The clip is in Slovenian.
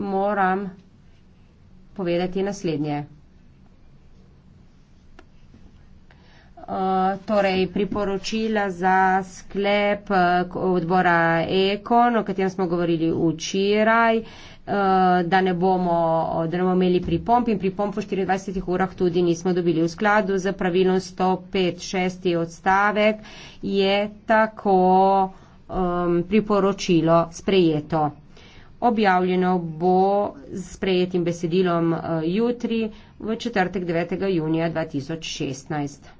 moram povedati naslednje. Uh, torej, priporočila za sklep uh, odbora Ekon, o katerem smo govorili včeraj, uh, da, ne bomo, da ne bomo imeli pripomp in pripomp v 24 urah tudi nismo dobili. V skladu z pravilom 105.6. odstavek je tako um, priporočilo sprejeto objavljeno bo s sprejetim besedilom eh, jutri v četrtek 9. junija 2016.